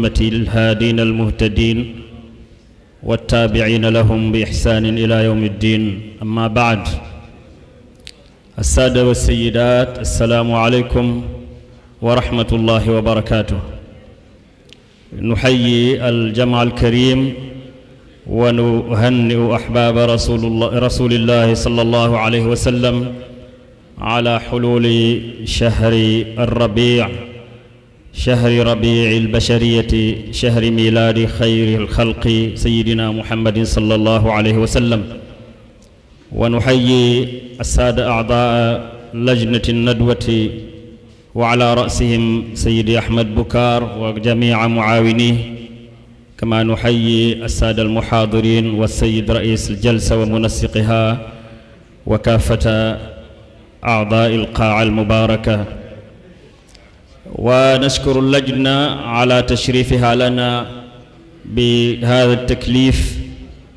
أمتي الهادين المهتدين والتابعين لهم بإحسان إلى يوم الدين أما بعد السادة والسيدات السلام عليكم ورحمة الله وبركاته نحيي الجمع الكريم ونهنئ أحباب رسول الله, رسول الله صلى الله عليه وسلم على حلول شهر الربيع chahri rabii albachariyati chahri milaadi xayri alxalqi sayidina muhammadin sal allahu alayhi wa sallam wa nuxayi assaada acdaa lajnati nadwati wa ala rasihim sayidi ahmad bukaar wa jamica mucaawinih kama nuxayi assaada almuxaadirin wa sayid rais aljalsa wa munasiqiha wa kaafata acdaa alqaaca almubaaraka ونشكر اللجنة على تشريفها لنا بهذا التكليف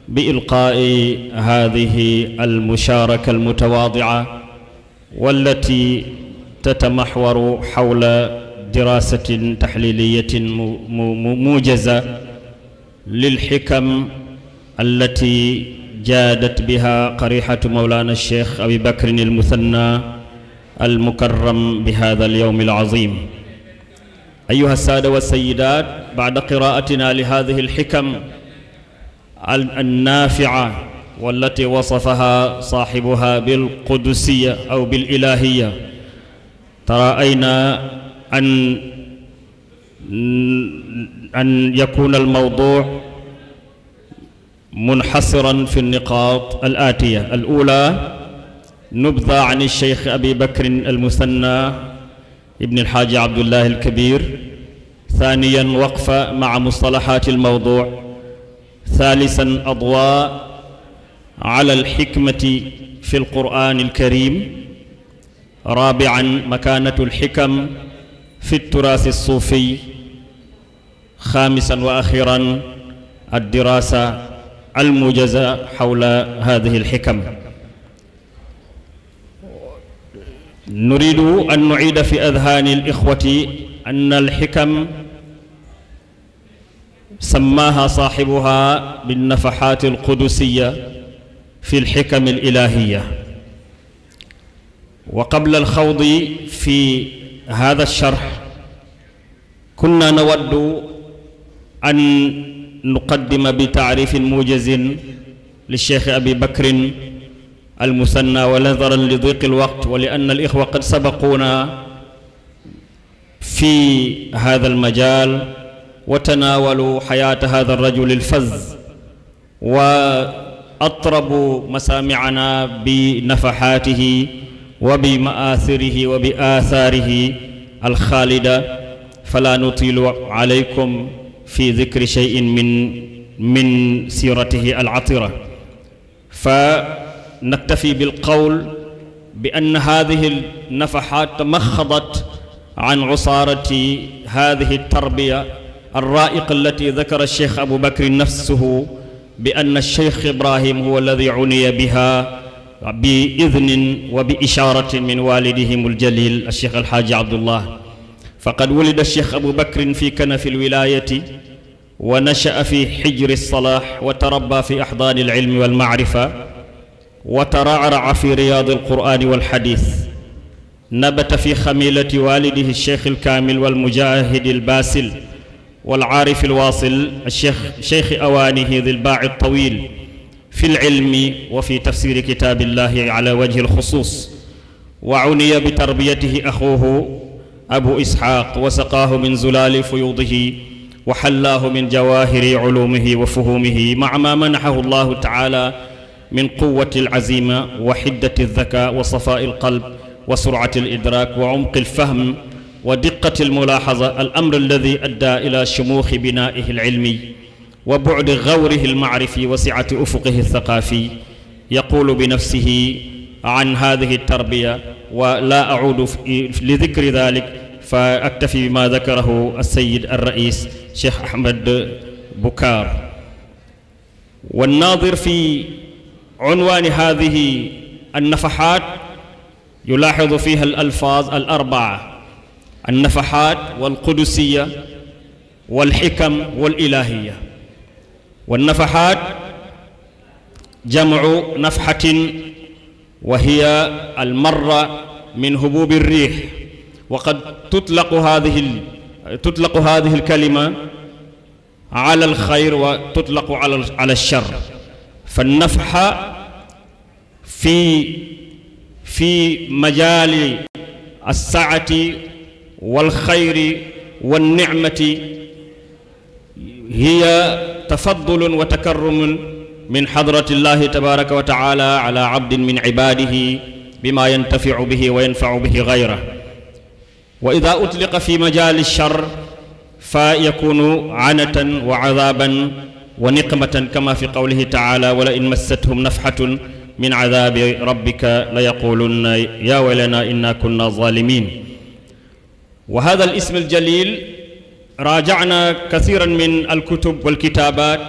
بإلقاء هذه المشاركة المتواضعة والتي تتمحور حول دراسة تحليلية موجزة للحكم التي جادت بها قريحة مولانا الشيخ أبي بكر المثنى المكرم بهذا اليوم العظيم أيها السادة والسيدات بعد قراءتنا لهذه الحكم النافعة والتي وصفها صاحبها بالقدسية أو بالإلهية ترأينا أن أن يكون الموضوع منحصرا في النقاط الآتية الأولى نبذة عن الشيخ أبي بكر المثنى ibni alxaaji abdullahi alkabir ثانيا وقفة مع مصطلحات الموضوع ثالثا أضواء على الحكمة في القرآن الكريم رابعا مكانة الحكم في التراث الصوفي خامسا وأخيرا الدراسة الموجزة حول هذه الحكم nuridu an nuida fi adhaani alixwati an alxikam sammaha saaxibuha binnafaxaati alqudusiya fi alxikam alilahiya wa qabla alxawdi fi hada alsharx kunna nawaddu an nuqaddima bi tacrifin muujazin li cheikh abi bakrin المثنى ونظرا لضيق الوقت ولأن الإخوة قد سبقونا في هذا المجال وتناولوا حياة هذا الرجل الفز وأطربوا مسامعنا بنفحاته وبمآثره وبآثاره الخالدة فلا نطيل عليكم في ذكر شيء من من سيرته العطرة ف نكتفي بالقول بأن هذه النفحات تمخضت عن عصارة هذه التربية الرائقة التي ذكر الشيخ أبو بكر نفسه بأن الشيخ إبراهيم هو الذي عني بها بإذن وبإشارة من والدهم الجليل الشيخ الحاج عبد الله فقد ولد الشيخ أبو بكر في كنف الولاية ونشأ في حجر الصلاح وتربى في أحضان العلم والمعرفة wa taraaraca fi riyaadi alqur'aani walxadiis nabata fi xamilati waalidihi cheikh alkaamil walmujahidi albaasil walcaarifi alwaasil cheikh cheikhi awaanihi di lbaaci altawil fi alcilmi wa fi tafsiri kitaabi illahi ala wajhi alxusuus wa cuniya bitarbiyatihi axuuhu abu isxaaq wa saqaahu min zulaali fuyuudihi wa xallaahu min jawaahiri culuumihi wa fuhuumihi maca maa manaxahu allahu tacaala min quwati alazima wa xiddati aldaka wa safaai alqalb wa surati alidrak wa umqi alfahm wa diqati almulaxaza al amr alladi adda ila shumuuxi binaihi alcilmiy wa bucdi gawrihi almacrifi wa sicati ufuqihi althaqaafi yaqulu binafsihi an hadihi altarbiya wa laa acuudu li dikri dalik fa aktafi bima dakarahu alsayid alrais cheikh ahmad bukaar wannaadir fi عنوان هذه النفحات يلاحظ فيها الألفاظ الأربعة النفحات والقدسية والحكم والإلهية والنفحات جمع نفحة وهي المرة من هبوب الريح وقد تطلق هذه تطلق هذه الكلمة على الخير وتطلق على على الشر fa nafxa fii fii majaali alsaati walxayri walnicmati hiya tafadulun wa takarrumun min xadrati llahi tabaraka wa taala ala abdin min cibaadihi bima yantaficu bihi wa yanfacu bihi gayrah wa ida utliqa fi majaali alchar fa yakunu anatan wa cadaaban wa niqmatan kama fi qawlihi taala wala in massathum nafhatun min adaabi rabbika la yaqulunna ya waylana inna kunna zalimin wa hada al ism al jalil raajacna kathiran min alkutub walkitaabat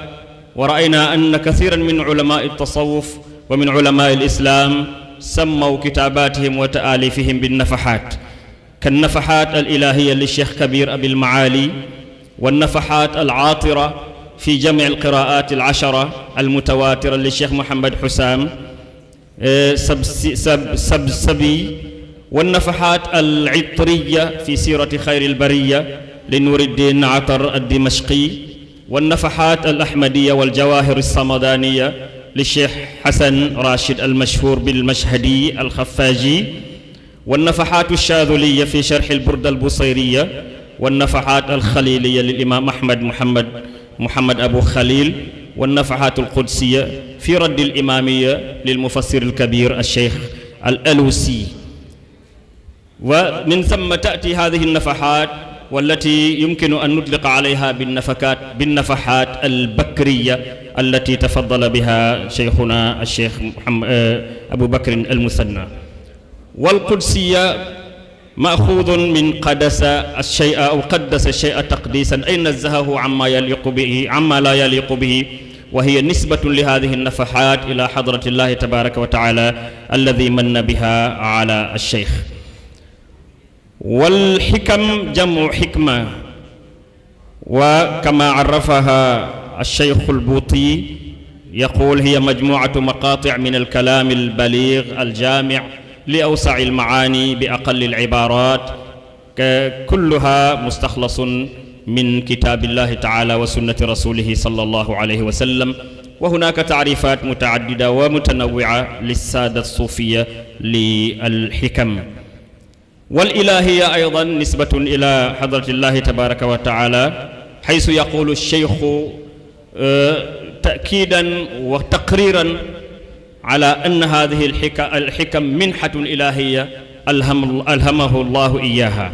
wa raayna anna kathiran min ulama altasawuf wa min ulama alislam sammaw kitaabatihim wa taalifihim binnafaxaat kannafaxaat alilahiya li cheikh kabir abi almaali wannafaxaat alaatira fi jamii alqiraat alashara almutawaatira li cheikh Mouhamed Xussam eh, sab sab sab sabi wannafaxaat alitriya fi siirati xayri albariya li nuuriddin atar addimashqi wannafaxaat alahmadiya waljawaahir alsamadaaniya li cheikh Xasan Rachid almashhuur bilmashhadi alxafaaji wannafaxaatu alchaadhuliya fi charxi alburda albusayriya wannafaxaat alxaliiliya lil imaam Ahmad Muhammad muhammad abu khalil wa nafahaatu alqudsiya fi raddi alimaamiya lil mufassir alkabir alcheikh al alusi wa min thumma taati hadihi alnafahaat والتي يمكن أن نطلق عليها بالنفكات بالنفحات البكرية التي تفضل بها شيخنا الشيخ محمد أبو بكر المثنى والقدسية maaxuudun min qadasa ash-shay'a aw qaddasa ash-shay'a taqdiisan ay nazzahahu amma yaliqu bihi amma laa yaliqu bihi wa hiya nisbatun li haadihi an-nafahaat ila hadrati llaahi tabaaraka wa ta'aala alladhii manna bihaa 'alaa ash-shaykh. wal xikam jam'u xikma wa kamaa 'arrafahaa ash-shaykh al-Buutii yaquul hiya majmuu'atu maqaati' min al-kalaam al-baliigh al-jaami' li awsai almaani bi aqalli alcibarat ka kulluha mustaxlasun min kitaabillahi taala wa sunnati rasulihi sallallahu alayhi wa sallam wa hunaka taarifat mutaaddida wa mutanawia lissaada suufiya li alxikam walilahiya aydan nisbatun ila xadratillahi tabaraka wa taala xaysu yaqulu alcheikhu takiidan wa taqriran ala anna hadihi alxika alxikam minhatun ilahiya alham alhamahu llahu iyaha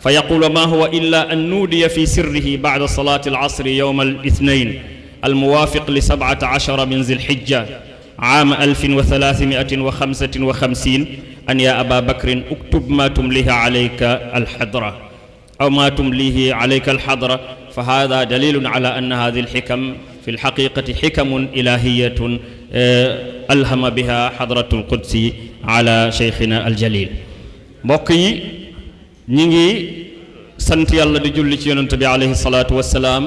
fa yaqulu ma huwa illa an nuudiya fi sirrihi bacda salaati alcasri yowma alithnain almuwaafiq li sabcata cashara min zilxijja caama alfin wa talaatimiatin wa xamsatin wa xamsiin an yaa aba bakrin uktub maa tumlihi calayka alxadra aw maa tumlihi calayka alxadra fa hada dalilun ala anna hadihi alxikam fi alxaqiqati xikamun ilahiyatun Eh, alhama biha xadratul qudsi ala cheikhina aljalil mbokk yi ñi ngi sant yàlla di julli ci yonent bi aleyhi salaatu wassalaam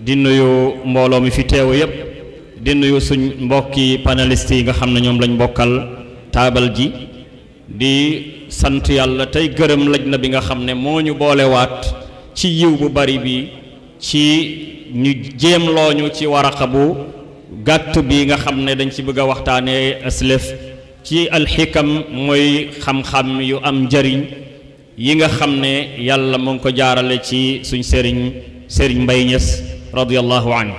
di nuyu mbooloo mi fi teewu yépp di nuyu suñ mbokki panélistes yi nga xam ne ñoom lañ bokkal taabal ji di sant yàlla tey gërëm laj na bi nga xam ne moo ñu boolewaat ci yiw bu bari bi ci ñu jéem looñu ci waraqa bu gàtt bi nga xam ne dañ ci bëgg waxtaane waxtaanee ci alxikam mooy xam-xam yu am njariñ yi nga xam ne yàlla mu ngi ko jaarale ci suñ sëriñ sëriñ Mbay Ñas radiyallahu anhu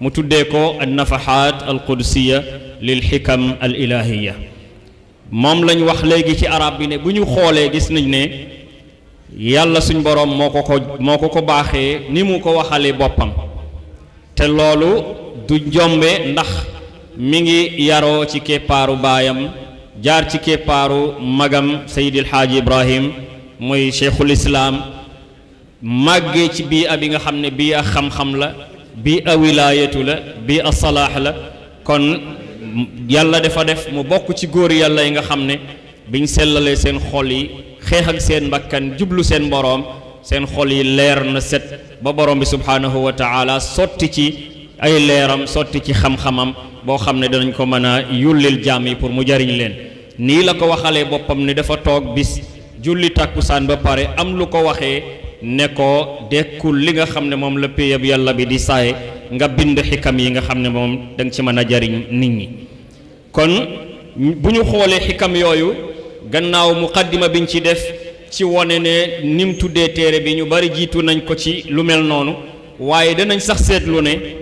mu tuddee ko an nafaxaat al qudsiya lil xikam al ilahiya moom lañ wax léegi ci araab bi ne bu ñu xoolee gis nañ ne yàlla suñ boroom moo ko ko moo ko ko baaxee ni mu ko waxalee boppam te loolu du jombe ndax mi ngi yaroo ci keppaaru baayam jaar ci keppaaru magam Seydil Xaaji Ibrahim mooy cheikhul islaam màggee ci bii ab yi nga xam ne bii a xam-xam la bii a wilaayatu la bii a salaax la kon yàlla dafa def mu bokk ci góor yàlla yi nga xam ne biñ sellalee seen xol yi xeex ak seen mbakkan jublu seen boroom seen xol yi leer na set ba borom bi subhaanahu wa taala sotti ci ay leeram sotti ci xam-xamam boo xam ne danañ ko mën a yullil jaam yi pour mu jariñ leen nii la ko waxalee boppam ni dafa toog bis julli tàkkusaan ba pare am lu ko waxee ne ko dekkul li nga xam ne moom la péyab yàlla bi di saaye nga bind xikam yi nga xam ne moom da ci mën a jariñ nit ñi kon bu ñu xoolee xikam yooyu gannaaw muqaddima biñ ci def ci wone ne nim tuddee téere bi ñu bari jiitu nañ ko ci lu mel noonu waaye danañ sax seetlu ne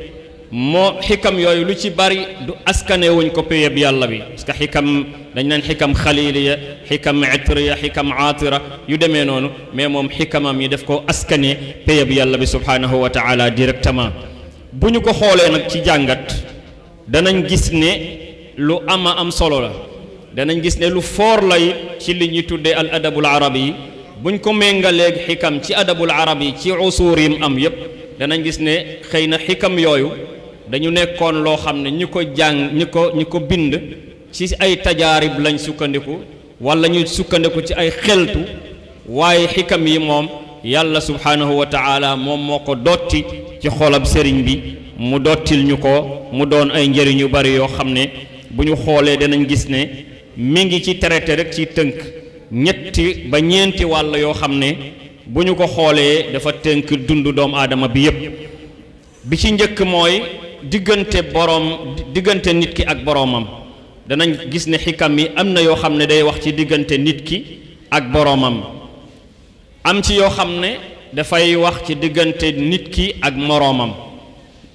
moo xikam yooyu lu ci bari du askanewuñ ko péyeb yàlla bi parce que xikam dañ naan xikam xaliliya xikam itriya xikam aatira yu demee noonu mais moom xikamam yi def ko askane péyeb yàlla bi subhaanahu wa taala directement bu ñu ko xoolee nag ci jàngat danañ gis ne lu ama am solo la danañ gis ne lu foor lay ci li ñuy tuddee al adabul arab yi buñ ko méngaleeg xikam ci adabul arab yi ci usuur am yépp danañ gis ne xëy na xikam yooyu dañu nekkoon loo xam ne ñi ko jàng ñi ko ñi ko bind ci ay tajaarib lañ sukkandiku wala ñu sukkandiku ci ay xeltu waaye xikam yi moom yàlla subhaanahu wa taala moom moo ko dotti ci xolab sëriñ bi mu dottil ñu ko mu doon ay njëriñ yu bari yoo xam ne bu ñu xoolee danañ gis ne mi ngi ci traité rek ci tënk ñetti ba ñeenti wàll yoo xam ne bu ñu ko xoolee dafa tënk dundu doomu aadama bi yépp bi ci njëkk mooy diggante boroom diggante nit ki ak boroomam danañ gis ne xikam yi am na yoo xam ne day wax ci diggante nit ki ak boroomam am ci yoo xam ne dafay wax ci diggante nit ki ak moroomam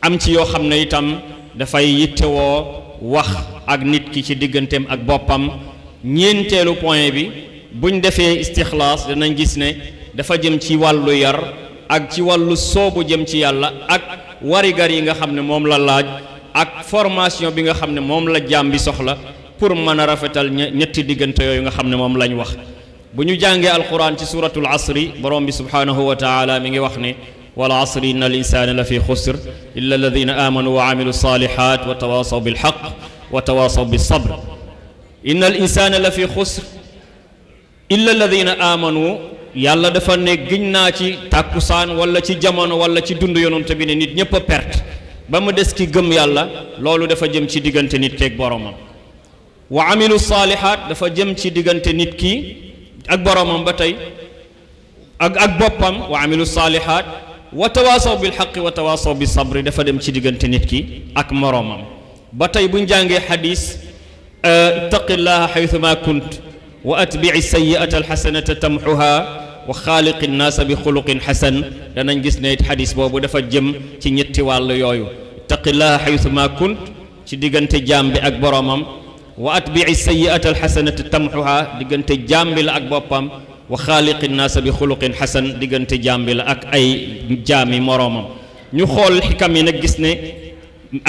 am ci yoo xam ne itam dafay yittewoo wax ak nit ki ci digganteem ak boppam ñeenteelu point bi buñ defee istixlaas danañ gis ne dafa jëm ci wàllu yar ak ci wàllu soobu jëm ci yàlla ak warigar yi nga xam ne moom la laaj ak formation bi nga xam ne moom la jaam bi soxla pour mën a rafetal ñetti diggante yooyu nga xam ne moom lañu wax bu ñu jàngee alquran suuratu suratul asri borom bi subhaanahu wa taala mi ngi wax ne wal asri inna al insana la fi xusr illa alladina amanu wa amilu salihat wa tawasaw bilxaq wa tawasaw bisabr inna al insana la fi xusr illa alladina amanu yàlla dafa ne giñ naa ci tàkkusaan wala ci jamono wala ci dund yonent bi ne nit ñëpp a perte ba mu des ki gëm yàlla loolu dafa jëm ci diggante nit teeg boromam wa amilu saalihaat dafa jëm ci diggante nit ki ak boromam ba tey ak ak boppam wa amilu saalihaat wa wa tawaasaw bi sabri dafa dem ci diggante nit ki ak moroomam ba tey buñ jàngee xadis euh, ittaqillaha xaytu ma kunt wa atbici sayi'ata alxasanata tamxuha wa xaaliqi naasa bi xuluqin xasan danañ gis ne it boobu dafa jëm ci ñetti wàll yooyu ittaqillaha xaytu ma kunt ci diggante jaam bi ak boroomam wa atbii sayiata alxasanati tamxuha diggante jaam la ak boppam wa xaaliqi naasa bi xuluqin xasan diggante jaam bi la ak ay jaami moroomam ñu xool xikam yi nag gis ne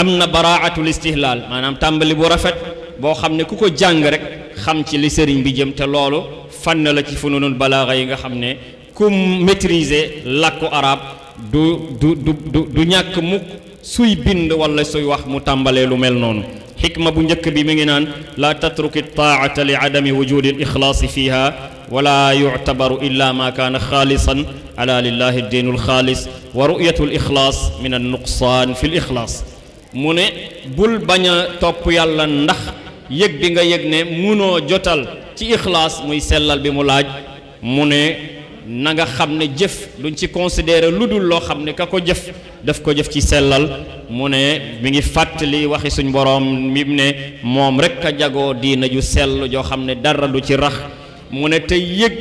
am na baraatul istihlaal maanaam tàmbali bu rafet boo xam ne ku ko jàng rek xam ci li sëriñ bi jëm te loolu fànn la ci fununul balaaxa yi nga xam ne ku maîtriser làkku arab du du du du du ñàkk mukk suy bind wala suy wax mu tàmbalee lu mel noonu xikma bu njëkk bi mi ngi naan la tatruki taata li adami wujudi fiha wala yuctabaru illa ma kaana xaalisan ala lillahi diinu lxaalis wa ruyatu l ixlaas min an fi l mu ne bul bañ topp yàlla ndax yëg bi nga yëg ne munoo jotal ci ixlaas muy sellal bi mu laaj mu ne nanga xam ne jëf duñ ci considérer lu dul loo xam ne ka ko jëf daf ko jëf ci sellal mu ne mi ngi fàttali waxi suñ borom mi ne moom rek a jagoo diina ju sell joo xam ne dara du ci rax mu ne tey yëg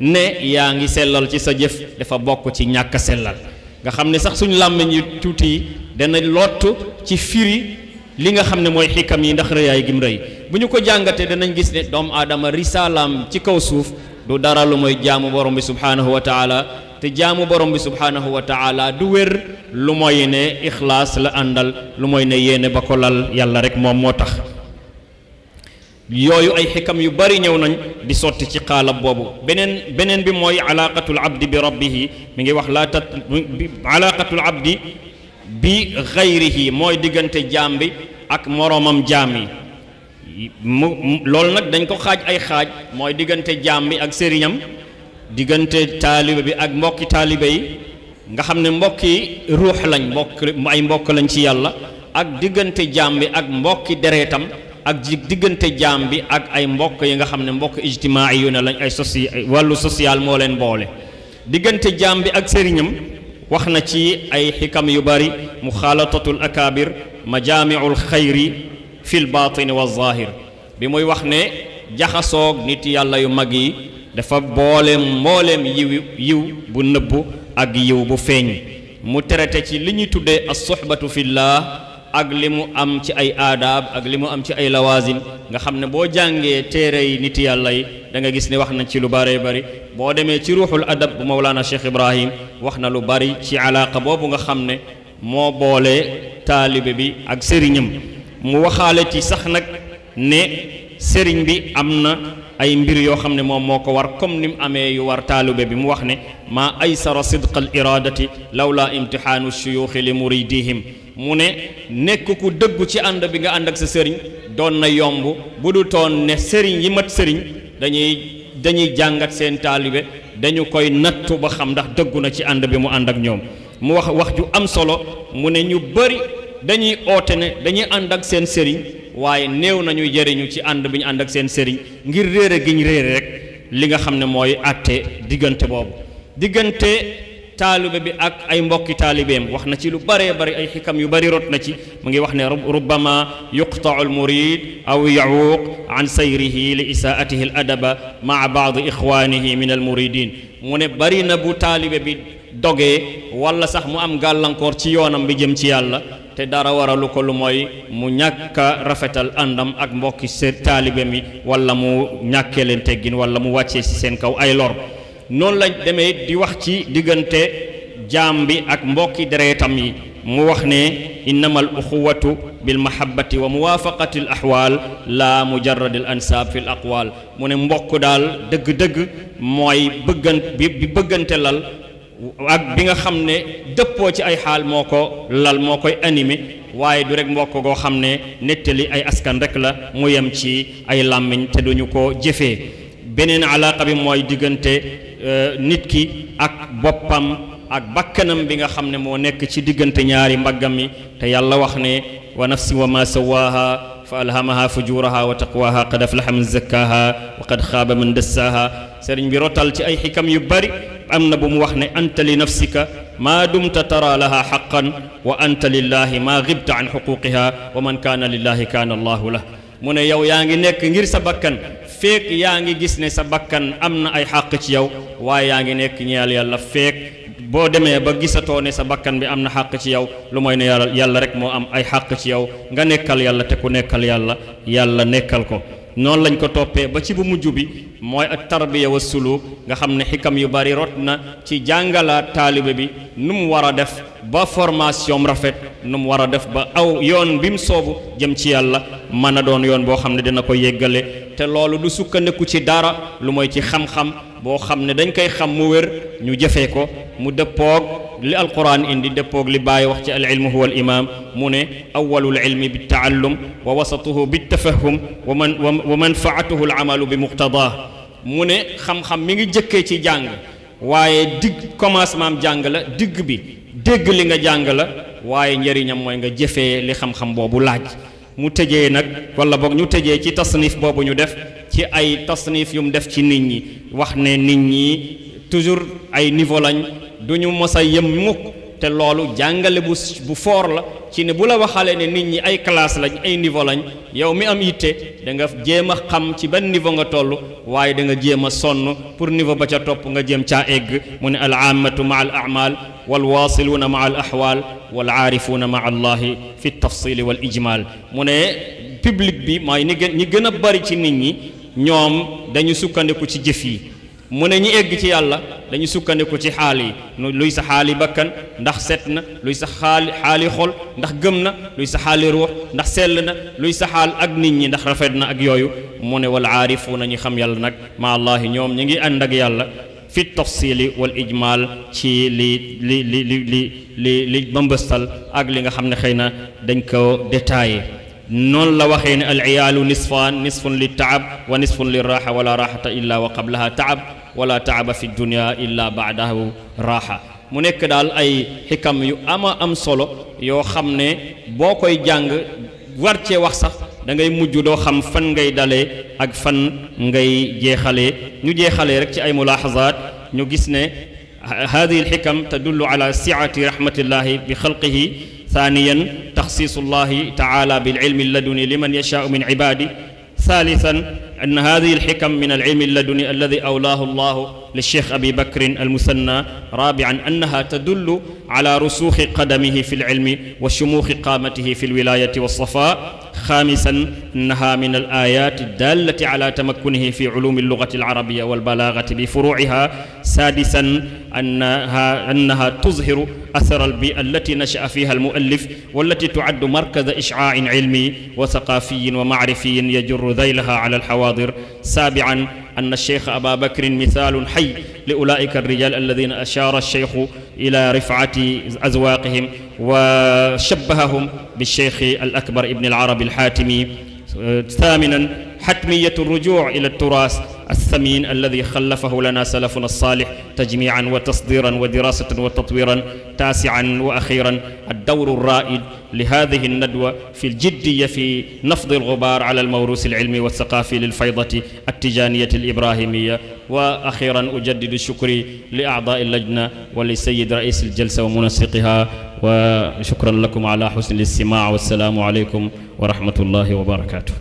ne yaa ngi sellal ci sa jëf dafa bokk ci ñàkk sellal nga xam ne sax suñ làmmiñ yi tuuti dana lott ci firi li nga xam ne mooy xikam yi ndax rëyaay gim rëy bu ñu ko jàngatee danañ gis ne doom aadama risalaam ci kaw suuf du dara lu mooy jaamu borom bi subhaanahu wa taala te jaamu borom bi subhaanahu wa taala du wér lu mooy ne ixlaas la àndal lu mooy ne yéene ba ko lal yàlla rek moom moo tax yooyu ay xikam yu bari ñëw nañ di sotti ci xaalab boobu beneen beneen bi mooy alaaqatul abdi bi rabbihi mi ngi wax laa tat alaaqatul abdi bi xayrihi mooy diggante jaam bi ak moroomam jaam yi mu loolu nag dañ ko xaaj ay xaaj mooy diggante jaam bi ak sëriñam diggante taalibe bi ak mbokki taaliba yi nga xam ne mbokki ruux lañ mbokk ay mbokk lañ ci yàlla ak diggante jaam bi ak mbokki dereetam ak ji diggante jaam bi ak ay mbokk yi nga xam ne mbokk ijtimaa yu ne lañ ay soci wàllu social moo leen boole diggante jaam bi ak sëriñam wax na ci ay xikam yu bari mu muxaalatatul akabir majaamiul xayri fil baatini wa zaahir bi muy wax ne jaxasoog nit yàlla yu mag yi dafa boole mbooleem yiw yiw bu nëbb ak yiw bu feeñ mu terate ci li ñuy tuddee as soxbatu fillah ak li mu am ci ay aadaab ak li mu am ci ay lawaasim nga xam ne boo jàngee téere yi nit yàlla yi da gis ne wax nañ ci lu bëree bari boo demee ci ruuxul adab bu Mawlaana Cheikh Ibrahim wax na lu bari ci alaaqa boobu nga xam ne moo boole taalibe bi ak sëriñam mu waxaale ci sax nag ne sëriñ bi am na ay mbir yoo xam ne moom moo ko war comme ni mu amee yu war taalibe bi mu wax ne ma maa aysara sidqal iraadati lawla imtihaanu shuyuuxi li muridihim mu ne nekk ku dëggu ci ànd bi nga ànd ak sa sëriñ doon na yomb bu du toon ne sëriñ yi mat sëriñ dañuy dañuy jàngat seen taalibe dañu koy nattu ba xam ndax dëggu na ci ànd bi mu ànd ak ñoom mu wax wax ju am solo mu ne ñu bari dañuy oote ne dañuy ànd ak seen sëriñ waaye néew nañuy jëriñu ci ànd bi ñu ànd ak seen sëriñ ngir réere gi ñu réere rek li nga xam ne mooy àtte diggante boobu diggante taalibe bi ak ay mbokki taalibeem wax na ci lu bëree bëri ay xikam yu bëri rot na ci mu ngi wax ne rubbama yuqtau almurid aw yacuuq an sayrihi li isaatihi al adaba maa baadi ixwaanihi min almuridin mu ne bëri na bu taalibe bi dogee walla sax mu am gàllankoor ci yoonam bi jëm ci yàlla te dara waralu ko lu mooy mu ñàkk rafetal àndam ak mbokki seen taalibeem yi wala mu ñàkkee leen teggin wala mu wàccee ci seen kaw ay lor noonu lañ demee di wax ci diggante jaam bi ak mbokki dereetam yi mu wax ne innama al uxuwatu bil mahabbati wa muwaafaqati al axwaal la mujarrad al ansaab fi l mu ne mbokk daal dëgg-dëgg mooy bëggan bi bëggante lal ak bi nga xam ne dëppoo ci ay xaal moo ko lal moo koy anime waaye du rek mbokk goo xam ne nettali ay askan rek la mu ci ay làmmiñ te duñu ko jëfe beneen alaaqa bi mooy diggante euh, nit ki ak boppam ak bakkanam bi nga xam ne moo nekk ci diggante ñaari mbaggam mi te yàlla wax ne wa si wa ma sawaaha fa alhamaha fujuraha wa taqwaha qad aflaha man wa qad xaaba man dassaha sëriñ bi rotal ci ay xikam yu bari am na bu mu wax ne anta li nafsika ma dumta tara laha xaqan wa anta lillahi maa gibta an xuquqiha wa man kaana lillahi kaana allahu lah mu ne yow yaa ngi nekk ngir sa bakkan feek yaa ngi gis ne sa bakkan am na ay xàq ci yow waaye yaa ngi nekk ñeel yàlla feek boo demee ba gisatoo ne sa bakkan bi am na xàq ci yow lu moy ne yàlla yàlla rek moo am ay xàq ci yow nga nekkal yàlla te ku nekkal yàlla yàlla nekkal ko noonu lañ ko toppee ba ci bu mujj bi mooy ak tarbiya wa suluk nga xam ne xikam yu bari rot na ci jàngalaat taalibe bi nu mu war a def ba formation rafet nu mu war a def ba aw yoon bi mu soobu jëm ci yàlla mën a doon yoon boo xam ne dina ko yéggale te loolu du sukkandiku ci dara lu mooy ci xam-xam boo xam ne dañ koy xam mu wér ñu jëfee ko mu dëppoog li alquran indi dëppoog li bàyyi wax ci al ilmu huwa al imaam mu ne awalul ilmi bi taallum wa wasatuhu bi tafahum wa man wa manfaatuhu al amal bi muqtadaa mu ne xam-xam mi ngi jëkkee ci jàng waaye digg commencement jàng la digg bi dégg li nga jàng la waaye njëriñam mooy nga jëfee li xam-xam boobu laaj mu tëjee nag wala boog ñu tëjee ci tasnif boobu ñu def ci ay tasnif yu def ci nit ñi wax ne nit ñi toujours ay niveau du ñu mosa a yëm mukk te loolu jàngale bu bu foor la ci ne bu la waxalee ne nit ñi ay classe lañ ay niveau lañ yow mi am yitte danga nga jéem a xam ci ban niveau nga toll waaye da nga jéem a sonn pour niveau ba ca topp nga jéem ca egg mu ne al aamatu ma al amal wal waasiluuna maa al axwaal wal aarifuuna maa allahi fi tafsili wal ijmal mu ne public bi mooy ñi gën ñi gën a bari ci nit ñi ñoom dañu sukkandiku ci jëf yi mu ne ñi egg ci yàlla dañu sukkandiku ci xaal yi luy sa xaali bakkan ndax seet na luy sa xaali xaali xol ndax gëm na luy sa xaali ruux ndax sell na luy sa xaal ak nit ñi ndax rafet na ak yooyu mu ne wal aarifuuna ñi xam yàlla nag maa allaahi ñoom ñi ngi ànd ak yàlla fi tafsili wal ijmal ci li li li li li li li mbëmbëstal ak li nga xam ne xëy na dañ ko détaillé noonu la waxee ne al iyaalu nisfaan nisfun li taab wa nisfun li raaxa wala raaxata illa wa qablaha taab wala taaba fi dunia illa baadahu raaxa mu nekk daal ay xikam yu ama am solo yoo xam ne boo koy jàng war cee wax sax dangay mujj doo xam fan ngay dale ak fan ngay jeexalee ñu jeexalee rek ci ay mulaaxazaat ñu gis ne hadihi alxikam tadullu ala siati rahmatillahi bi xalqihi thaniyan taxsiisullahi taala bililmi laduni liman yashaau min ibaadi ثالثا أن هذه الحكم من العلم اللدني الذي أولاه الله للشيخ أبي بكر المثنى رابعا أنها تدل على رسوخ قدمه في العلم وشموخ قامته في الولاية والصفاء xaamisan naha min al ayat dallati ala tamakkunihi fi ulumi allugati alarabiya walbalagati bi furuciha saadisan annaha annaha tuzhiru athara albi'a allati nasha'a fiha almuallif wallati tu'addu markaza ishcaa'in cilmi wa saqaafiyin wa macrifiyin yajurru daylaha ala alxawaadir saabican anna sheexa abaa bakrin misaalun xay li ulaa'ika alrijaal alladiina ashaara sheexu ilaa rifcati azwaaqihim wa shabbahahum بالشيخ الأكبر ابن العربي الحاتمي ثامنا حتمية الرجوع إلى التراث الثمين الذي خلفه لنا سلفنا الصالح تجميعا وتصديرا ودراسة وتطويرا تاسعا وأخيرا الدور الرائد لهذه الندوة في الجدية في نفض الغبار على الموروث العلمي والثقافي للفيضة التجانية الإبراهيمية وأخيرا أجدد شكري لأعضاء اللجنة ولسيد رئيس الجلسة ومنسقها wa shukran lakum ala husni listima wassalaamu aleykum wa rahmatullahi wa barakatuh